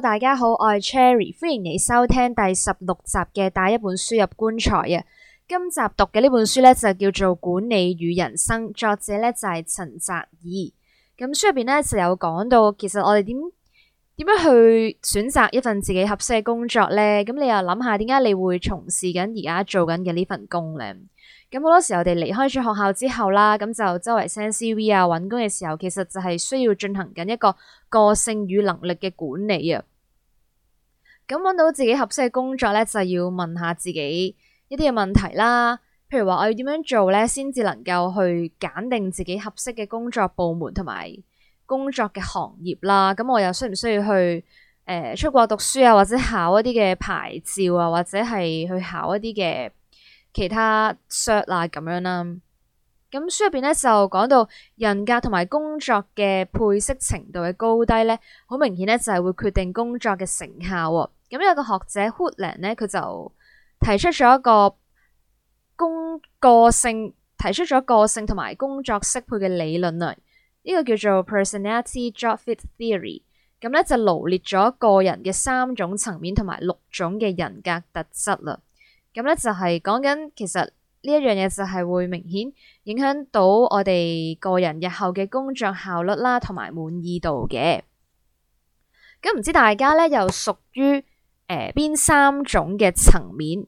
大家好，我係 Cherry，歡迎你收聽第十六集嘅帶一本書入棺材啊！今集讀嘅呢本書咧就叫做《管理與人生》，作者咧就係陳澤義。咁書入邊咧就有講到，其實我哋點？點樣去選擇一份自己合適嘅工作咧？咁你又諗下點解你會從事緊而家做緊嘅呢份工咧？咁好多時候我哋離開咗學校之後啦，咁就周圍 send CV 啊，揾工嘅時候，其實就係需要進行緊一個個性與能力嘅管理啊。咁揾到自己合適嘅工作咧，就要問下自己一啲嘅問題啦。譬如話我要點樣做咧，先至能夠去揀定自己合適嘅工作部門同埋。工作嘅行業啦，咁我又需唔需要去誒、呃、出國讀書啊，或者考一啲嘅牌照啊，或者係去考一啲嘅其他 cert 啊咁樣啦、啊。咁書入邊咧就講到人格同埋工作嘅配適程度嘅高低咧，好明顯咧就係會決定工作嘅成效喎、啊。咁有個學者 Holland 咧，佢就提出咗一個工個性，提出咗個性同埋工作適配嘅理論啊。呢個叫做 Personality Job Fit Theory，咁咧就羅列咗個人嘅三種層面同埋六種嘅人格特質啦。咁咧就係講緊，其實呢一樣嘢就係會明顯影響到我哋個人日後嘅工作效率啦，同埋滿意度嘅。咁唔知大家咧又屬於誒邊、呃、三種嘅層面，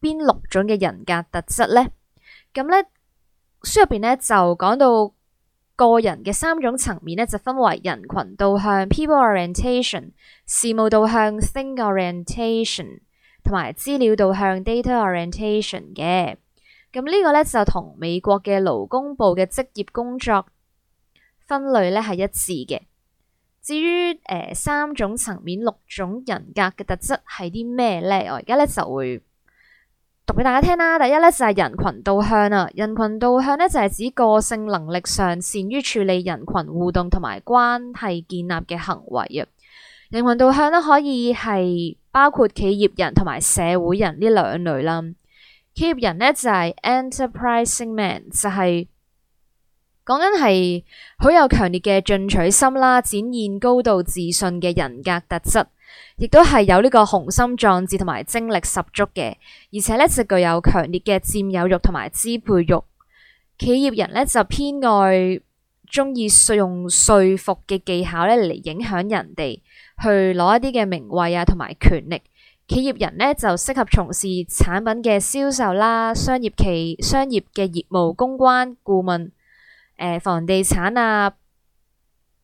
邊六種嘅人格特質咧？咁咧書入邊咧就講到。個人嘅三種層面咧，就分為人群導向 （people orientation）、事務導向 （thing orientation） 同埋資料導向 （data orientation） 嘅。咁呢個咧就同美國嘅勞工部嘅職業工作分類咧係一致嘅。至於誒三種層面六種人格嘅特質係啲咩咧？我而家咧就會。讀俾大家聽啦，第一呢，就係人群導向啊，人群導向呢，就係指個性能力上善於處理人群互動同埋關係建立嘅行為啊。人群導向呢，可以係包括企業人同埋社會人呢兩類啦。企業人呢，就係 enterprising man，就係講緊係好有強烈嘅進取心啦，展現高度自信嘅人格特質。亦都係有呢個雄心壯志，同埋精力十足嘅，而且呢就具有強烈嘅佔有欲同埋支配欲。企業人呢就偏愛中意用說服嘅技巧呢嚟影響人哋，去攞一啲嘅名位啊，同埋權力。企業人呢就適合從事產品嘅銷售啦、啊、商業企商業嘅業務、公關、顧問、誒、呃、房地產啊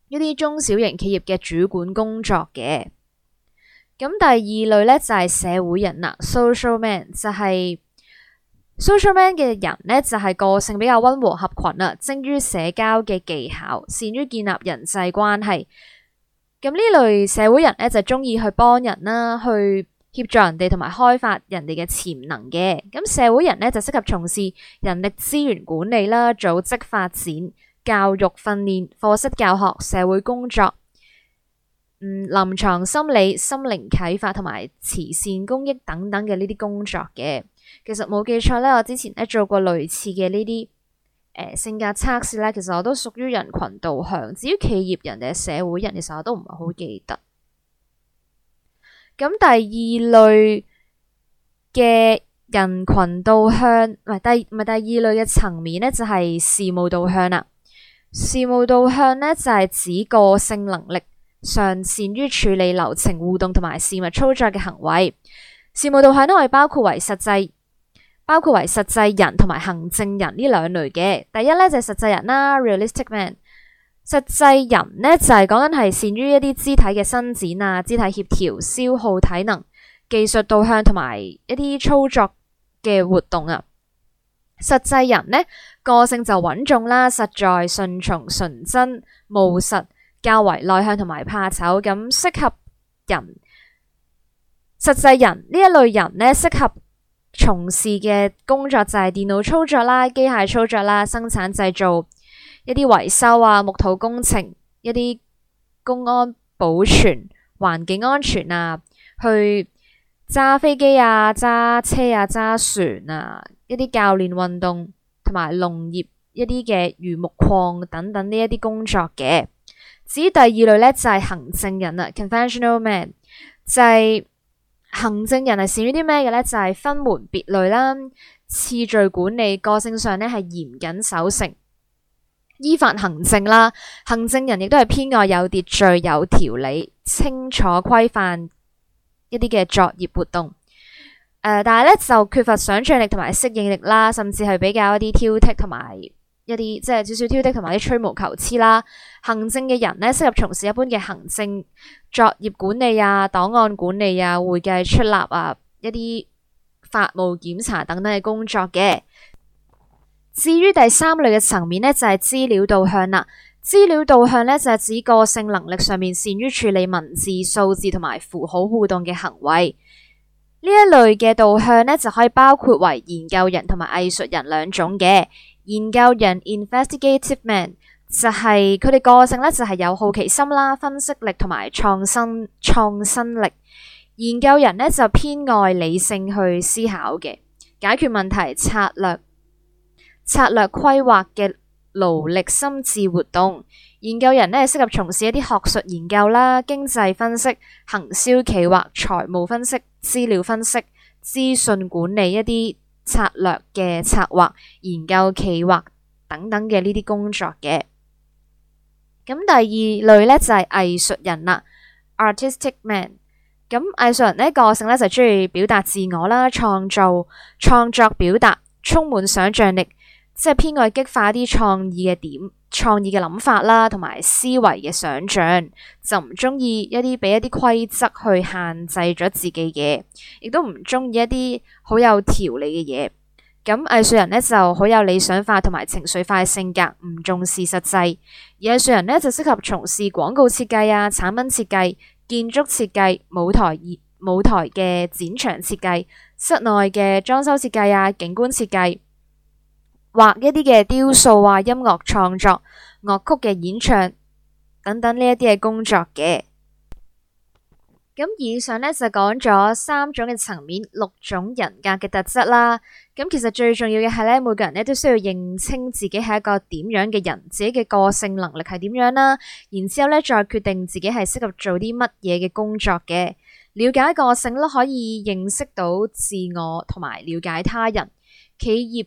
呢啲中小型企業嘅主管工作嘅。咁第二類咧就係社會人啦，social man 就係 social man 嘅人咧就係個性比較溫和合群啦，精於社交嘅技巧，善於建立人際關係。咁呢類社會人咧就中意去幫人啦，去協助人哋同埋開發人哋嘅潛能嘅。咁社會人咧就適合從事人力資源管理啦、組織發展、教育訓練、課室教學、社會工作。嗯，臨牀心理、心靈啟發同埋慈善公益等等嘅呢啲工作嘅，其實冇記錯咧，我之前咧做過類似嘅呢啲誒性格測試咧，其實我都屬於人群導向。至於企業人定社會人，其實我都唔係好記得。咁第二類嘅人群導向，唔係第，唔係第二類嘅層面咧，就係事務導向啦。事務導向咧就係指個性能力。常善於處理流程互動同埋事物操作嘅行為，事務導向都可包括為實際，包括為實際人同埋行政人呢兩類嘅。第一呢，就係、是、實際人啦，realistic man。實際人呢，就係講緊係善於一啲肢體嘅伸展啊、肢體協調、消耗體能、技術導向同埋一啲操作嘅活動啊。實際人呢，個性就穩重啦，實在、順從、純真、務實。較為內向同埋怕醜，咁適合人實際人呢一類人呢，適合從事嘅工作就係電腦操作啦、機械操作啦、生產製造一啲維修啊、木土工程、一啲公安保全、環境安全啊，去揸飛機啊、揸車啊、揸船啊，一啲教練運動同埋農業一啲嘅漁牧礦等等呢一啲工作嘅。至於第二類咧，就係行政人啦 （Conventional Man）。就係行政人係善於啲咩嘅咧？就係、是、分門別類啦、次序管理。個性上咧係嚴謹守成、依法行政啦。行政人亦都係偏愛有秩序、有條理、清楚規範一啲嘅作業活動。誒、呃，但係咧就缺乏想像力同埋適應力啦，甚至係比較一啲挑剔同埋，一啲即係少少挑剔同埋啲吹毛求疵啦。行政嘅人呢，適合從事一般嘅行政作業管理啊，檔案管理啊，會計出納啊、一啲法務檢查等等嘅工作嘅。至於第三類嘅層面呢，就係資料導向啦。資料導向呢，就係指個性能力上面善於處理文字、數字同埋符號互動嘅行為。呢一類嘅導向呢，就可以包括為研究人同埋藝術人兩種嘅。研究人 Investigative man 就係佢哋個性呢，就係有好奇心啦、分析力，同埋創新創新力。研究人呢，就偏愛理性去思考嘅，解決問題策略、策略規劃嘅勞力心智活動。研究人呢，適合從事一啲學術研究啦、經濟分析、行銷企劃、財務分析、資料分析、資訊管理一啲。策略嘅策劃、研究、企劃等等嘅呢啲工作嘅，咁第二類呢，就係藝術人啦，Artistic Man。咁藝術人呢個性呢，就鍾意表達自我啦，創造、創作、表達，充滿想象力，即係偏愛激化一啲創意嘅點。創意嘅諗法啦，同埋思維嘅想象就唔中意一啲俾一啲規則去限制咗自己嘅嘢，亦都唔中意一啲好有條理嘅嘢。咁藝術人呢就好有理想化同埋情緒化嘅性格，唔重視實際。而藝術人呢就適合從事廣告設計啊、產品設計、建築設計、舞台、舞台嘅展場設計、室內嘅裝修設計啊、景觀設計。畫一啲嘅雕塑啊，音樂創作、樂曲嘅演唱等等呢一啲嘅工作嘅。咁以上呢，就講咗三種嘅層面，六種人格嘅特質啦。咁其實最重要嘅係呢，每個人咧都需要認清自己係一個點樣嘅人，自己嘅個性能力係點樣啦。然之後咧再決定自己係適合做啲乜嘢嘅工作嘅。了解個性咯，可以認識到自我同埋了解他人、企業。